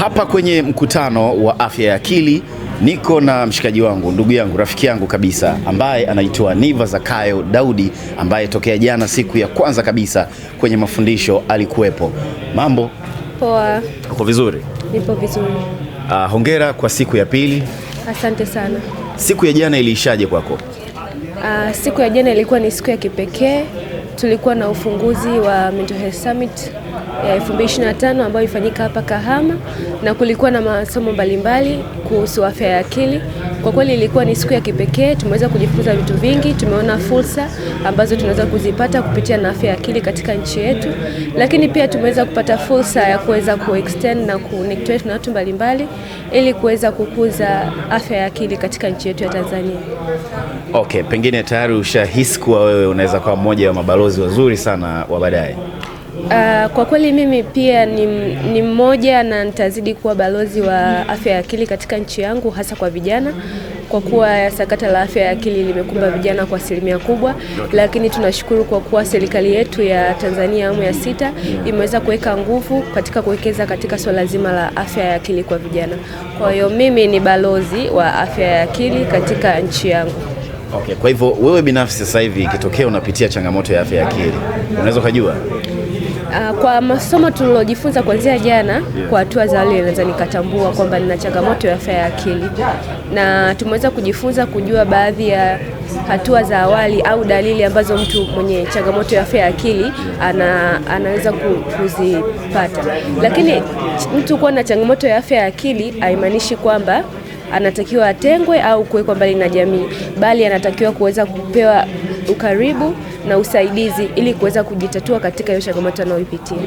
Hapa kwenye mkutano wa afya ya akili niko na mshikaji wangu, ndugu yangu, rafiki yangu kabisa ambaye anaitwa Niva Zakayo Daudi, ambaye tokea jana, siku ya kwanza kabisa kwenye mafundisho alikuwepo. Mambo poa? Uko vizuri? Nipo vizuri. Ah, hongera kwa siku ya pili. Asante sana. Siku ya jana iliishaje kwako? Ah, siku ya jana ilikuwa ni siku ya kipekee tulikuwa na ufunguzi wa Mental Health Summit ya 2025 ambayo ifanyika hapa Kahama, na kulikuwa na masomo mbalimbali kuhusu afya ya akili. Kwa kweli ilikuwa ni siku ya kipekee, tumeweza kujifunza vitu vingi, tumeona fursa ambazo tunaweza kuzipata kupitia na afya ya akili katika nchi yetu, lakini pia tumeweza kupata fursa ya kuweza kuextend na kuconnect na watu mbalimbali ili kuweza kukuza afya ya akili katika nchi yetu ya Tanzania. Okay, pengine tayari ushahisi kuwa wewe unaweza kuwa mmoja wa mabalozi wazuri sana wa baadaye. Uh, kwa kweli mimi pia ni, ni mmoja na nitazidi kuwa balozi wa afya ya akili katika nchi yangu hasa kwa vijana, kwa kuwa sakata la afya ya akili limekumba vijana kwa asilimia kubwa, lakini tunashukuru kwa kuwa serikali yetu ya Tanzania awamu ya sita imeweza kuweka nguvu katika kuwekeza katika swala zima la afya ya akili kwa vijana. Kwa hiyo mimi ni balozi wa afya ya akili katika nchi yangu. Okay, kwa hivyo wewe binafsi sasa hivi ikitokea unapitia changamoto ya afya ya akili unaweza ukajua Uh, kwa masomo tulilojifunza kuanzia jana kwa hatua za awali, naweza nikatambua kwamba nina changamoto ya afya ya akili, na tumeweza kujifunza kujua baadhi ya hatua za awali au dalili ambazo mtu mwenye changamoto ya afya ya akili ana, anaweza kuzipata. Lakini mtu kuwa na changamoto ya afya ya akili haimaanishi kwamba anatakiwa atengwe au kuwekwa mbali na jamii, bali anatakiwa kuweza kupewa ukaribu na usaidizi ili kuweza kujitatua katika hiyo changamoto anayoipitia.